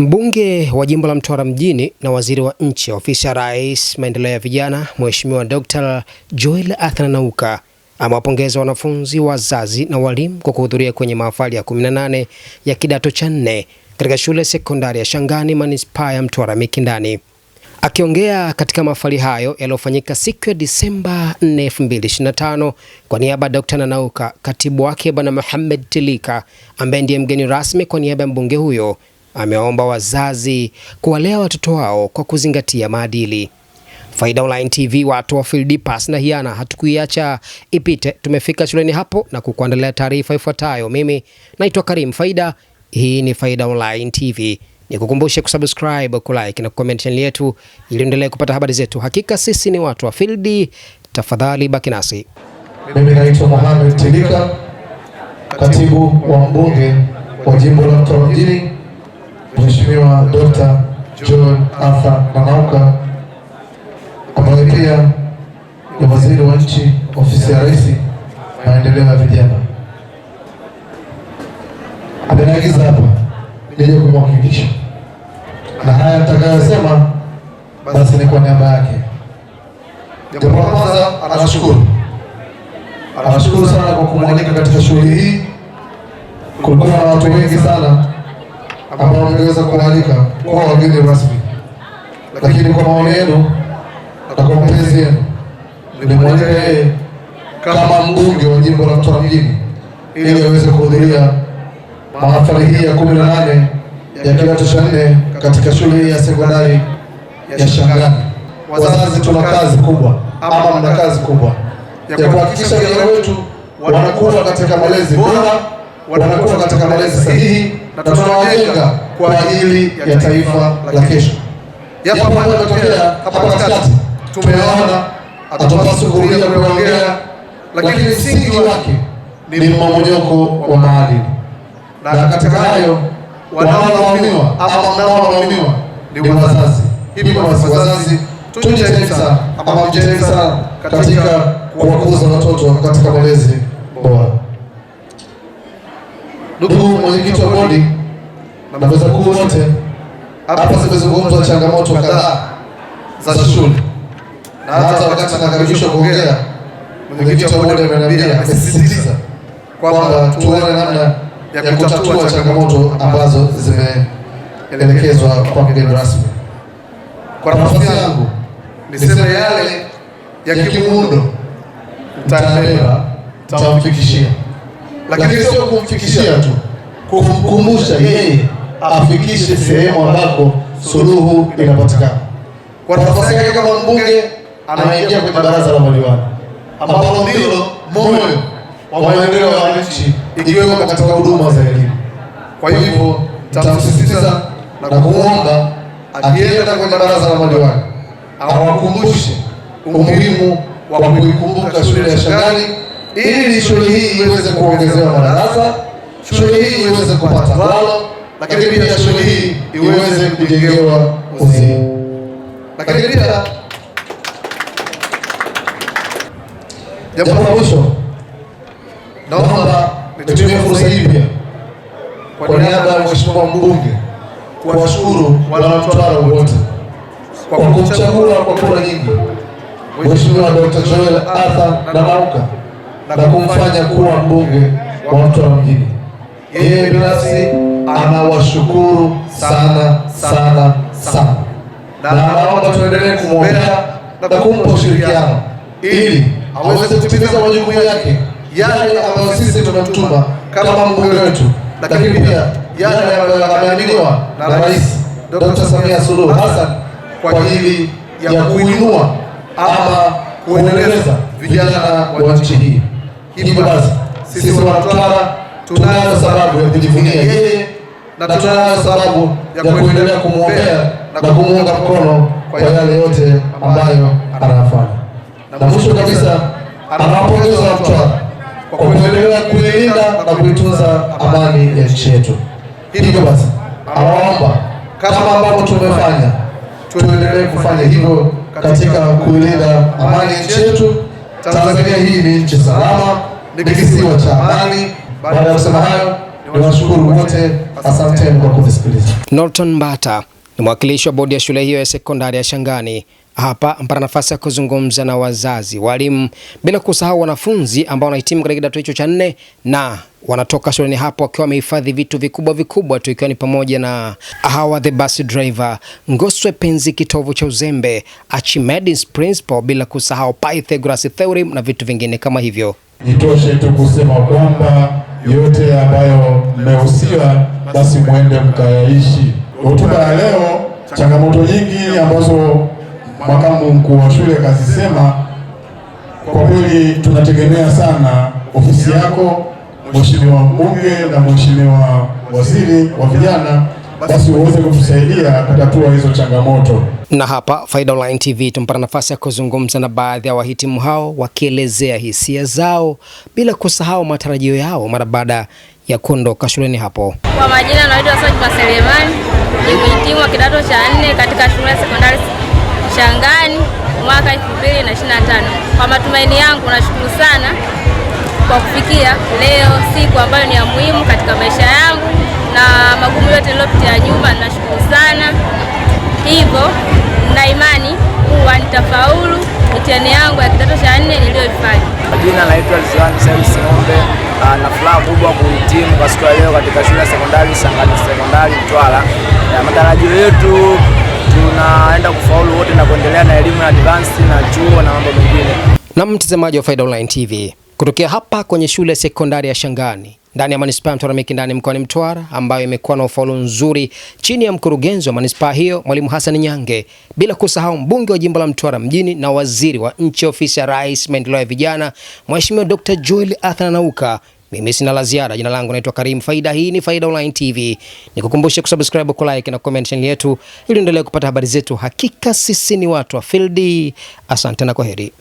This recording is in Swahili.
Mbunge wa jimbo la Mtwara mjini na waziri wa nchi ofisi ya Rais maendeleo ya vijana, Mheshimiwa Dr. Joel Athana Nauka amewapongeza wanafunzi, wazazi na walimu kwa kuhudhuria kwenye mahafali ya 18 ya kidato cha nne katika shule sekondari ya Shangani manispaa ya Mtwara Mikindani. Akiongea katika mahafali hayo yaliyofanyika siku ya Disemba 4, 2025 kwa niaba ya Dr. Nanauka, katibu wake Bwana Mohamed Tilika ambaye ndiye mgeni rasmi kwa niaba ya mbunge huyo amewaomba wazazi kuwalea watoto wao kwa kuzingatia maadili. Faida Online TV, watu wa Field Pass na hiana hatukuiacha ipite. Tumefika shuleni hapo na kukuandalia taarifa ifuatayo. Mimi naitwa Karim Faida, hii ni Faida Online TV. Nikukumbushe kusubscribe, kulike na kucomment channel yetu ili endelee kupata habari zetu. Hakika sisi ni watu wa Field, tafadhali baki nasi. Mimi naitwa Mohamed Tilika, katibu wa mbunge wa jimbo la Mtwara mjini. Mheshimiwa Dr. John Arthur Mang'auka ambaye pia ni waziri wa nchi ofisi ya Rais maendeleo ya vijana, ameniagiza hapa nije kumwakilisha, na haya nitakayosema basi ni kwa niaba yake. Jambo la kwanza, anashukuru anashukuru sana kwa kumwalika katika shughuli hii. Kulikuwa na watu wengi sana ambao wameweza kualika kuwa wageni rasmi, lakini kwa maoni yenu na kwa mapenzi yenu nimemwalika yeye kama mbunge wa jimbo la Mtwara mjini ili aweze kuhudhuria mahafali hii ya kumi na nane ya kidato cha nne katika shule hii ya sekondari ya Shangani. Wazazi, tuna kazi kubwa ama mna kazi kubwa ya kuhakikisha vijana wetu wanakuwa katika malezi bora, wanakuwa katika malezi sahihi na tutawajenga kwa ajili ya taifa la kesho. Yapo ambayo yametokea hapa katikati, tumeona hatupaswi kurudia kuongea, lakini msingi wake ni mmomonyoko wa maadili, na katika hayo wanaolaumiwa ama mnaolaumiwa ni wazazi. Hivyo wazazi, tujitahidi ama mjitahidi katika kuwakuza watoto katika malezi bora. Ndugu mwenyekiti wa bodi na maafisa wakuu wote, hapa zimezungumzwa changamoto kadhaa za shule, na hata wakati nakaribishwa kuongea, mwenyekiti wa bodi ameniambia, amesisitiza kwamba tuone namna ya kutatua changamoto ambazo zimeelekezwa kwa mgeni rasmi. Kwa nafasi yangu niseme yale ya kimuundo, mtanielewa, nitamfikishia lakini sio kumfikishia tu, kumkumbusha yeye afikishe sehemu ambako suluhu inapatikana. Kwa nafasi yake kama mbunge, anaingia kwenye baraza la madiwani ambalo ndilo moyo wa maendeleo ya wananchi, ikiwemo katika huduma za elimu. Kwa hivyo tamsisitiza na kumwomba akienda kwenye baraza la madiwani awakumbushe umuhimu wa kuikumbuka shule ya Shangani ili ni shule hii iweze kuongezewa madarasa, shule hii iweze kupata bwalo, lakini pia shule hii iweze kujengewa uzio. Lakini pia jambo la mwisho, naomba nitumie fursa hii pia kwa niaba ya mheshimiwa mbunge kuwashukuru wanaotwara wote kwa kumchagua kwa kura nyingi Mheshimiwa Dr. Joel Arthur Namauka na kumfanya kuwa mbunge wa Mtwara mjini. Yeye binafsi anawashukuru sana sana sana, na anaomba tuendelee kumwombea na kumpa ushirikiano ili aweze kutimiza majukumu yake yale ambayo sisi tumemtuma kama mbunge wetu, lakini pia yale ambayo ameaminiwa na Rais Dr. Samia Suluhu Hassan kwa ajili ya kuinua ama kuendeleza vijana wa nchi hii. Hivyo basi sisi Wanatwara tunayo sababu ya kujivunia yeye na tunayo sababu ya kuendelea kumwombea na kumuunga mkono kwa yale yote ambayo anayafanya. Na mwisho kabisa, anawapongeza Wanatwara kwa kuendelea kuilinda na kuitunza amani ya nchi yetu. Hivyo basi anaomba kama ambavyo tumefanya tuendelee kufanya hivyo katika kuilinda amani ya nchi yetu. Tanzania hii ni nchi salama kisiwa cha amani. Baada ya kusema hayo, niwashukuru wote, asanteni kwa kunisikiliza. Norton Mbata ni mwakilishi wa bodi ya shule hiyo ya sekondari ya Shangani hapa mpara nafasi ya kuzungumza na wazazi, walimu, bila kusahau wanafunzi ambao wanahitimu katika kidato hicho cha nne na wanatoka shuleni hapo wakiwa wamehifadhi vitu vikubwa vikubwa tu, ikiwa ni pamoja na Hawa the bus driver, Ngoswe Penzi kitovu cha uzembe, Archimedes principle, bila kusahau Pythagoras theorem na vitu vingine kama hivyo itoshe tu kusema kwamba yote ambayo mmehusiwa, basi mwende mkayaishi. Hotuba ya leo, changamoto nyingi ambazo makamu mkuu wa shule kazisema, kwa kweli tunategemea sana ofisi yako Mheshimiwa mbunge na Mheshimiwa waziri wa vijana, basi uweze kutusaidia kutatua hizo changamoto. Na hapa Faida Online TV tumpata nafasi ya kuzungumza na baadhi ya wahitimu hao wakielezea hisia zao bila kusahau matarajio yao mara baada ya kuondoka shuleni hapo. Kwa majina naitwa Sajba Selemani, ni mhitimu wa kidato cha nne katika shule ya sekondari Shangani mwaka 2025. Kwa matumaini yangu, nashukuru sana kwa kufikia leo, siku ambayo ni ya muhimu katika maisha yangu na magumu yote niliyopitia nyuma. Nashukuru sana hivyo kuwa nitafaulu mtihani yangu ya kidato cha nne niliyoifanya. Jina naitwa Rizwan Said Ng'ombe ah, na furaha kubwa kuhitimu kwa siku ya leo katika shule ya sekondari Sangani Sekondari Mtwara, na matarajio yetu tunaenda kufaulu wote na kuendelea na elimu ya advance na chuo na mambo mengine. Na mtazamaji wa Faida Online TV, kutokea hapa kwenye shule ya sekondari ya Shangani ndani ya manispaa ya Mtwara Mikindani mkoani Mtwara ambayo imekuwa na ufaulu nzuri chini ya mkurugenzi wa manispaa hiyo Mwalimu Hassan Nyange, bila kusahau mbunge wa jimbo la Mtwara mjini na waziri wa nchi ofisi ya Rais maendeleo ya vijana Mheshimiwa Dr. Joel Athana Nauka. Mimi sina la ziada. Jina langu naitwa Karim Faida. Hii ni Faida Online TV, nikukumbushe kusubscribe, like na comment channel yetu ili uendelee kupata habari zetu. Hakika sisi ni watu wa field. Asante na kwaheri.